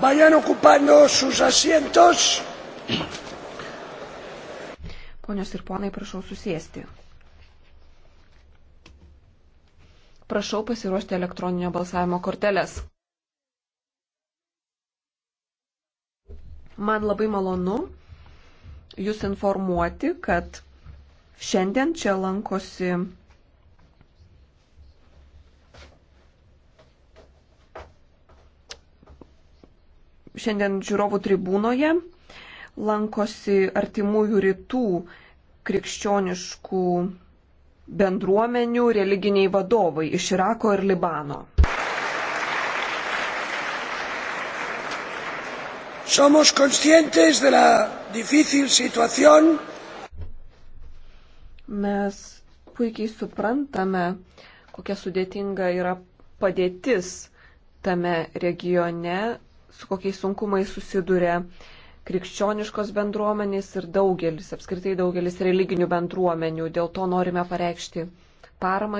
Vayan ocupando sus asientos. Ponios ir ponai, prašau susėsti. Prašau pasiruošti elektroninio balsavimo korteles. Man labai malonu Jūs informuoti, kad šiandien čia lankosi šiandien žiūrovų tribūnoje lankosi artimųjų rytų krikščioniškų bendruomenių religiniai vadovai iš Irako ir Libano. Somos conscientes de la difícil situación. Mes puikiai suprantame, kokia sudėtinga yra padėtis tame regione su kokiais sunkumais susiduria krikščioniškos bendruomenės ir daugelis, apskritai daugelis religinių bendruomenių. Dėl to norime pareikšti paramą